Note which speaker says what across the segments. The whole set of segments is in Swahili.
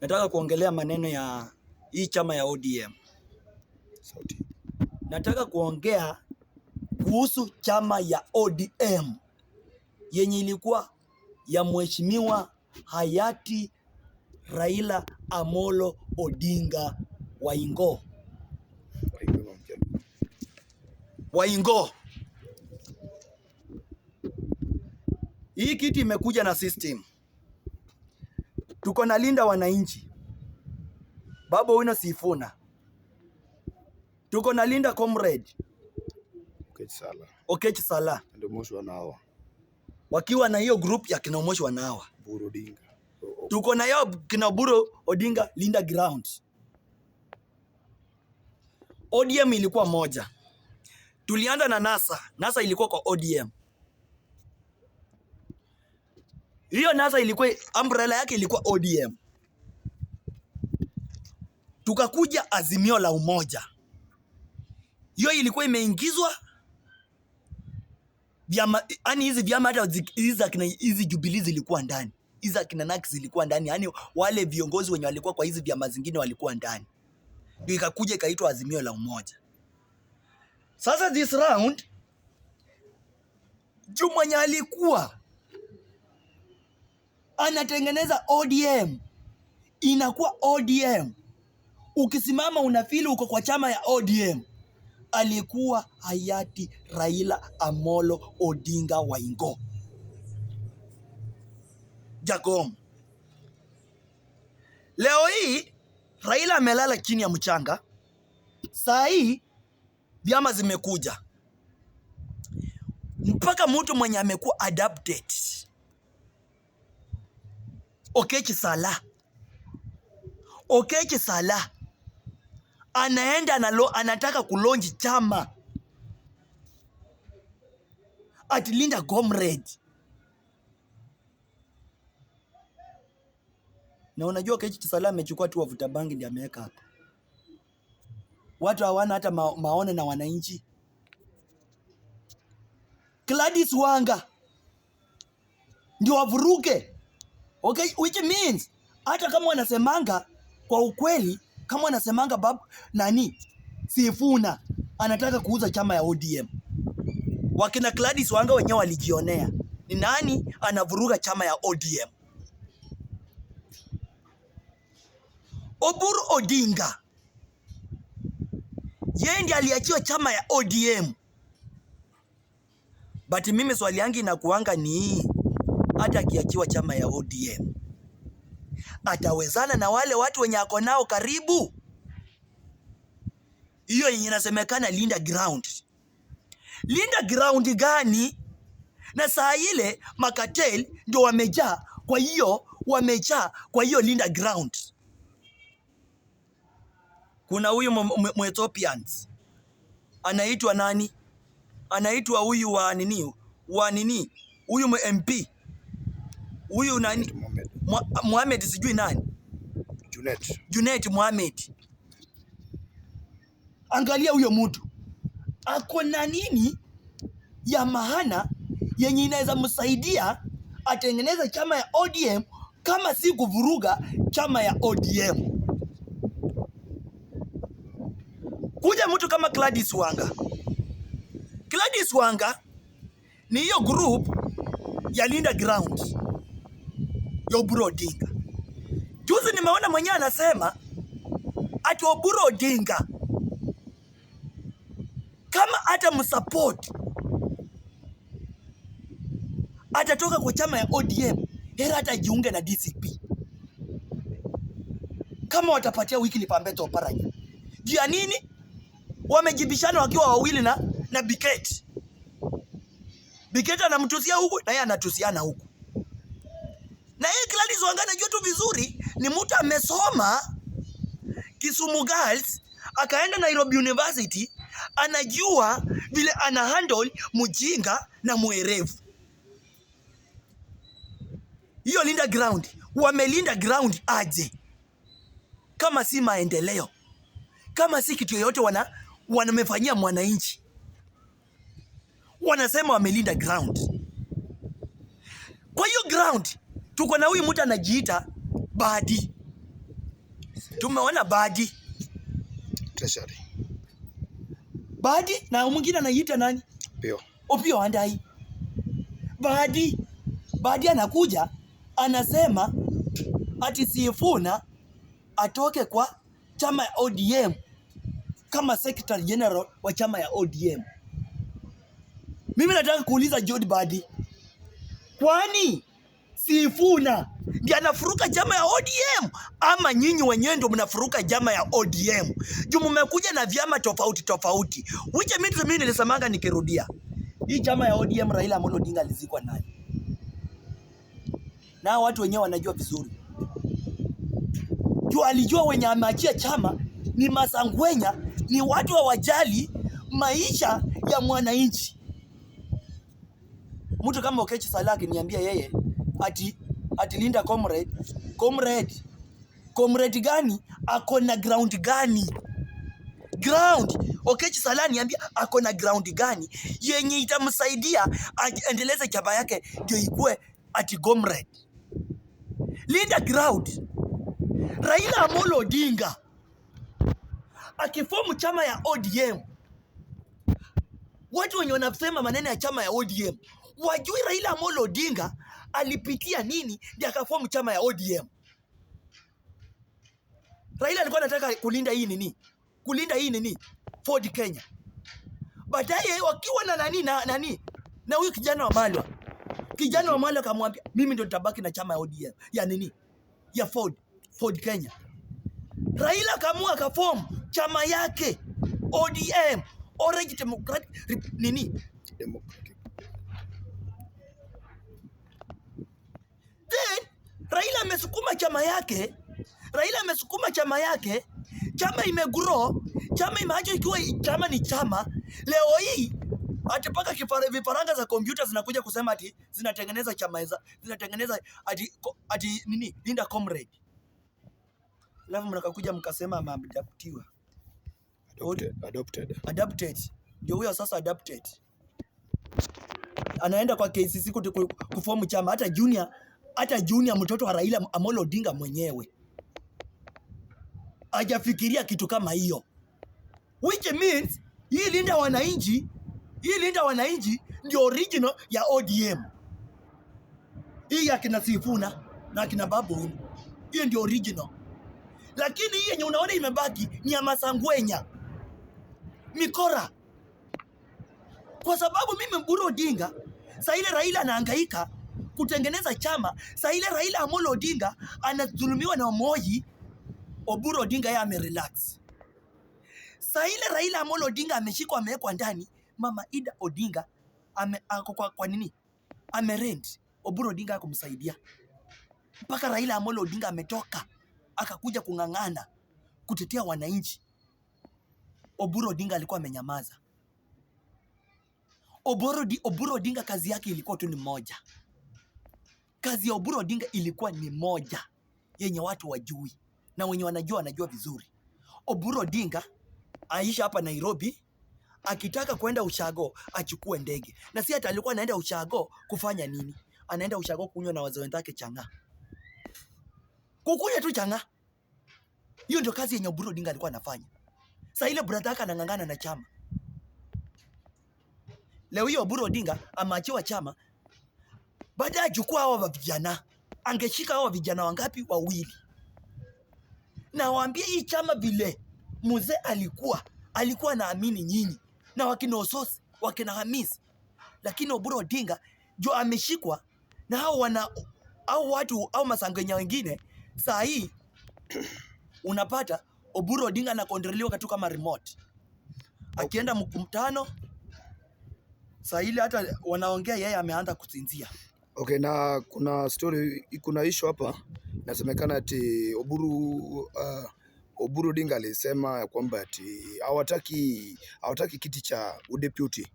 Speaker 1: Nataka kuongelea maneno ya hii chama ya ODM. Sauti. Nataka kuongea kuhusu chama ya ODM yenye ilikuwa ya mheshimiwa hayati Raila Amolo Odinga Waingo. Waingo. Hii kitu imekuja na system tuko na linda wananchi, Baba wino Sifuna, tuko linda comrade Okech Sala wakiwa na hiyo group ya kina Omosh Wanawa, tuko na hiyo kina Buru Odinga Linda Ground. ODM ilikuwa moja, tulianda na NASA. NASA ilikuwa kwa ODM hiyo NASA ilikuwa umbrella yake ilikuwa ODM. Tukakuja Azimio la Umoja, hiyo ilikuwa imeingizwa vyama, yani hizi vyama hata hizi Jubilee zilikuwa ndani, hizi akina Nax zilikuwa ndani, yani wale viongozi wenye walikuwa kwa hizi vyama zingine walikuwa ndani, ndio ikakuja ikaitwa Azimio la Umoja. Sasa this round Jumanya alikuwa anatengeneza ODM, inakuwa ODM. Ukisimama unafili uko kwa chama ya ODM. Alikuwa hayati Raila Amolo Odinga Waingo Jagom. Leo hii Raila amelala chini ya mchanga. Saa hii vyama zimekuja mpaka mtu mwenye amekuwa adapted okechi sala okechi sala anaenda analo, anataka kulonji chama atilinda Gomred. Na unajua Okech Salah amechukua tu wavuta bangi ndi ameweka hapa. Watu hawana hata ma maone na wananchi. Gladys Wanga ndio wavuruge Okay, which means hata kama wanasemanga kwa ukweli, kama wanasemanga bab nani Sifuna anataka kuuza chama ya ODM, wakina Gladys Wanga wenyewe walijionea ni nani anavuruga chama ya ODM. Oburu Odinga yeye ndiye aliachiwa chama ya ODM, but mimi swali yangu inakuanga ni hata akiachiwa chama ya ODM atawezana na wale watu wenye ako nao karibu? Hiyo yenye inasemekana linda ground, linda ground gani? Na saa ile makatel ndio wamejaa, kwa hiyo wamejaa, kwa hiyo linda ground. Kuna huyu Mwethiopians anaitwa nani? Anaitwa huyu wa nini, wa nini, huyu MP huyu nani Mohamed sijui nani Junet, Junet Mohamed, angalia huyo mtu ako na nini ya maana yenye inaweza msaidia atengeneza chama ya ODM kama si kuvuruga chama ya ODM. Kuja mtu kama Gladys Wanga. Gladys Wanga ni hiyo group ya Linda Grounds ya Oburu Odinga. Juzi nimeona mwenyewe anasema ati Oburu Odinga kama hata msapoti atatoka kwa chama ya ODM, hera hata jiunge na DCP kama watapatia Wycliffe pambeto Oparanya. Juu ya nini? Wamejibishana wakiwa wawili na na Biketi. Biketi anamtusia huku na yeye anatusiana huku. Dennis Wanga anajua tu vizuri, ni mtu amesoma Kisumu Girls akaenda Nairobi University, anajua vile ana handle mjinga na mwerevu. Hiyo linda ground, wamelinda ground aje kama si maendeleo, kama si kitu yoyote wana wanamefanyia mwananchi? Wanasema wamelinda ground. Kwa hiyo ground tuko na huyu mtu anajiita Badi, tumeona Badi Treasury. Badi na mwingine anajiita nani? Opio. Opio Andai. Badi Badi anakuja anasema ati Sifuna atoke kwa chama ya ODM kama Secretary General wa chama ya ODM. Mimi nataka kuuliza Jod Badi, kwani Sifuna ndio anafuruka chama ya ODM ama nyinyi wenyewe ndio mnafuruka chama ya ODM? Juu mmekuja na vyama tofauti tofauti, Wiche mimi mimi nilisemanga nikirudia, hii chama ya ODM Raila Amolo Odinga alizikwa nayo, na watu wenyewe wanajua vizuri, juu alijua wenye ameachia chama ni masangwenya, ni watu wajali maisha ya mwananchi. Mtu kama Okechi Salaki niambia yeye ati ati Linda comrade. Comrade. Comrade gani? Ako na ground gani? Ground. Okechi Sala niambia ako na ground gani yenye itamsaidia aendeleze chapa yake ndio ikue ati comrade. Linda ground. Raila Amolo Odinga akifomu chama ya ODM watu wenye wanasema maneno ya chama ya ODM wajui Raila Amolo Odinga alipitia nini ndio akafomu chama ya ODM. Raila alikuwa anataka kulinda hii nini, kulinda hii nini Ford Kenya. Baadaye wakiwa na nani na nani na huyu kijana wa Malwa, kijana wa Malwa akamwambia mimi ndo nitabaki na chama ya ODM ya nini ya Ford, Ford Kenya. Raila kamua akafomu chama yake ODM, Orange Democratic nini Democratic Then eh, Raila amesukuma chama yake, Raila amesukuma chama yake, chama imegrow, chama imeacha ikiwa chama ni chama. Leo hii ati paka vifaranga za kompyuta zinakuja kusema ati zinatengeneza chama za zinatengeneza ati ati nini, Linda Comrade, alafu mnakakuja mkasema ameadaptiwa adopted, adopted, ndio huyo sasa adopted anaenda kwa KCC kuform chama hata junior hata Junior mtoto wa Raila Amolo Odinga mwenyewe hajafikiria kitu kama hiyo, which means hii linda wananchi, hii linda wananchi ndio original ya ODM hii ya kina Sifuna na kina Babu, hiyo ndio original. Lakini hii yenye unaona imebaki ni ya Masangwenya Mikora, kwa sababu mimi Mburu Odinga saa ile Raila anahangaika kutengeneza chama saa ile Raila Amolo Odinga anadhulumiwa na Moi, Oburu Odinga yeye amerelax. Saa ile Raila Amolo Odinga ameshikwa amewekwa ndani, mama Ida Odinga ame, ako kwa, kwa nini amerend Oburu Odinga akumsaidia mpaka Raila Amolo Odinga ametoka akakuja kung'ang'ana kutetea wananchi. Oburu Odinga alikuwa amenyamaza. Oburu Odinga kazi yake ilikuwa tu ni moja. Kazi ya Oburu Odinga ilikuwa ni moja yenye watu wajui na wenye wanajua wanajua vizuri. Oburu Odinga aisha hapa Nairobi, akitaka kwenda ushago achukue ndege, na si hata alikuwa anaenda ushago kufanya nini? Anaenda ushago kunywa na wazee wenzake changa, kukunywa tu changa. Hiyo ndio kazi yenye Oburu Odinga alikuwa anafanya. Sasa ile brother yake anang'ang'ana na chama. Leo hiyo Oburu Odinga ameachiwa chama baadaye achukua chukua hawa vijana, angeshika hawa vijana wangapi? Wawili. Na waambie hii chama vile mzee alikuwa alikuwa naamini nyinyi na wakina Osos wakina Hamisi, lakini Oburu Odinga jo ameshikwa na hao wana au watu au masangenya wengine. Saa hii unapata Oburu Odinga anakontroliwa katu kama remote, akienda mkutano saa ile hata wanaongea yeye ameanza kusinzia.
Speaker 2: Okay, na kuna story, kuna issue hapa inasemekana ati Oburu uh, Oburu Dinga alisema kwamba ati hawataki hawataki kiti cha deputy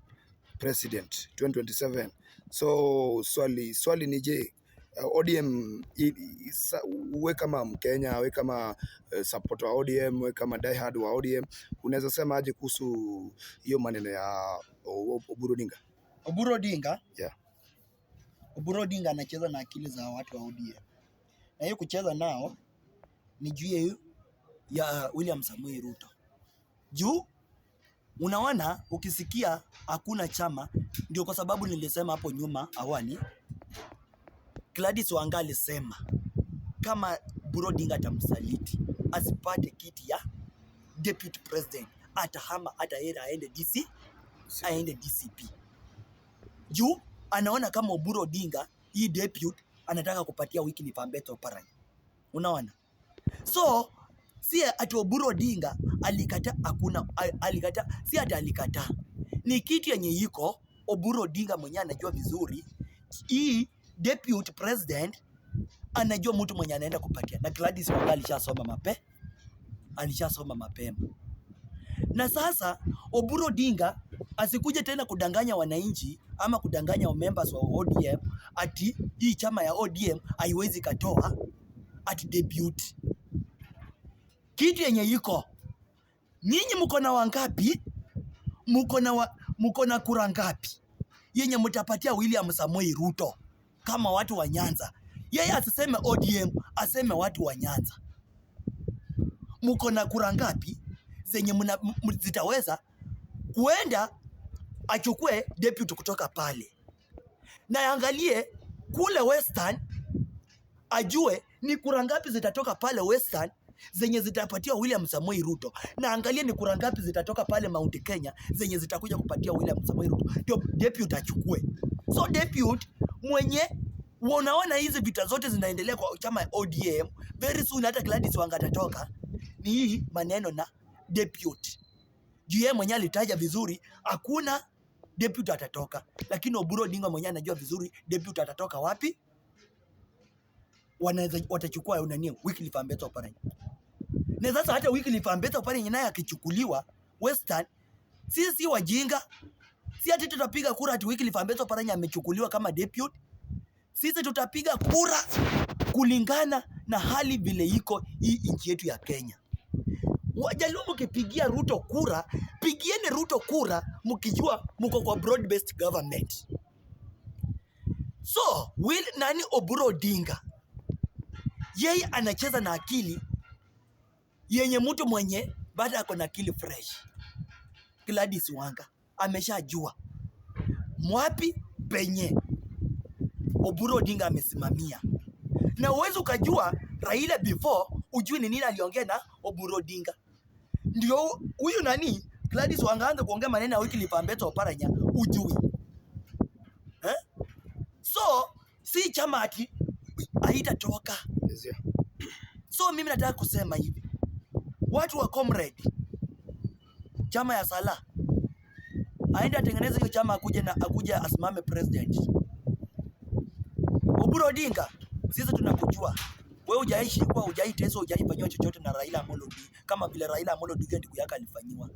Speaker 2: president 2027. So swali swali ni je, uh, ODM we kama Mkenya, we kama uh, support wa ODM, we kama diehard wa ODM unaweza sema aje kuhusu hiyo maneno ya Oburu Dinga?
Speaker 1: Oburu Dinga? Yeah. Oburu Odinga anacheza na akili za watu wa ODM. Na hiyo kucheza nao ni juu ya William Samuel Ruto. Juu unaona ukisikia hakuna chama, ndio kwa sababu nilisema hapo nyuma awali, Gladys Wanga alisema kama Oburu Odinga atamsaliti asipate kiti ya deputy president atahama, ataenda aende DC, aende DCP juu anaona kama Oburu Odinga hii deputy anataka kupatia weekly pambet operai, unaona. So si ati Oburu Odinga alikata, hakuna alikata, si ati alikata, ni kitu yenye iko Oburu Odinga mwenyewe anajua vizuri. Hii deputy president anajua mtu mwenye anaenda kupatia, na Gladys Wanga alishasoma mape, alishasoma mapema, na sasa Oburu Odinga asikuje tena kudanganya wananchi ama kudanganya members wa ODM ati hii chama ya ODM haiwezi katoa ati deputy kitu yenye iko nyinyi mko na wangapi? Mko na wa, mko na kura ngapi yenye mtapatia William Samoei Ruto kama watu wa Nyanza? Yeye asiseme ODM, aseme watu wa Nyanza. Mko na kura ngapi zenye mna, zitaweza kuenda achukue deputy kutoka pale na angalie kule Western, ajue ni kura ngapi zitatoka pale Western zenye zitapatiwa William Samoei Ruto, na angalie ni kura ngapi zitatoka pale Mount Kenya zenye zitakuja kupatia William Samoei Ruto, ndio deputy achukue. So deputy mwenye unaona hizi vita zote zinaendelea kwa chama ya ODM, very soon hata Gladys Wanga atatoka, ni hii maneno na deputy juu yeye mwenyewe alitaja vizuri, hakuna deputy atatoka, lakini Oburu Odinga mwenyewe anajua vizuri deputy atatoka wapi. Wanaweza watachukua unanie Wycliffe Ambetsa Oparanya, na sasa hata Wycliffe Ambetsa Oparanya naye akichukuliwa Western, sisi wajinga si ati tutapiga kura ati Wycliffe Ambetsa Oparanya amechukuliwa kama deputy. Sisi tutapiga kura kulingana na hali vile iko hii nchi yetu ya Kenya. Wajaluo mkipigia Ruto kura, pigieni Ruto kura mkijua mko kwa broad based government. So Will nani Oburo Odinga yeye anacheza na akili yenye mtu mwenye bado ako na akili fresh. Gladys Wanga ameshajua mwapi penye Oburo Odinga amesimamia, na uwezi ukajua Raila before ujui ni nini aliongea na Oburo Odinga ndio huyu nani Gladys wangaanza kuongea maneno ya wiki lipambeto paranya ujui eh? So si chama ati haitatoka toka So mimi nataka kusema hivi watu wa comrade, chama ya Sala aende atengeneze hiyo chama, akuje na akuja asimame president. Oburu Odinga, sisi tunakujua. Wewe hujaishi kwa hujaiteswa, hujaifanywa chochote na Raila Amolo Odinga, kama vile Raila Amolo Odinga ndugu yake alifanywa.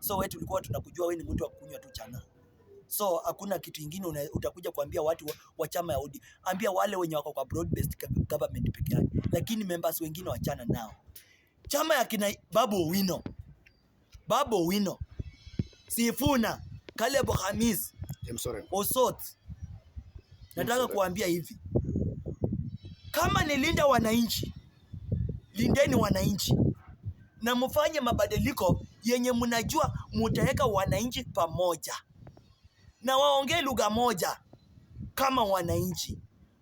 Speaker 1: So wewe tulikuwa tunakujua wewe ni mtu wa kunywa tu chana. So hakuna kitu kingine utakuja kuambia watu wa, wa chama ya ODM. Ambia wale wenye wako kwa broad based government peke yake. Lakini members wengine wachana nao. Chama ya kina Babu Wino. Babu Wino. Sifuna, Caleb Khamis, Osot. Nataka kuambia hivi. Kama ni linda wananchi, lindeni wananchi na mfanye mabadiliko yenye mnajua mutaweka wananchi pamoja na waongee lugha moja kama wananchi.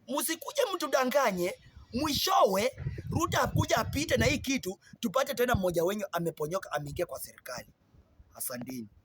Speaker 1: Msikuje mtudanganye mwishowe Ruto akuja apite na hii kitu tupate tena mmoja wenyu ameponyoka ameingia kwa serikali. Asanteni.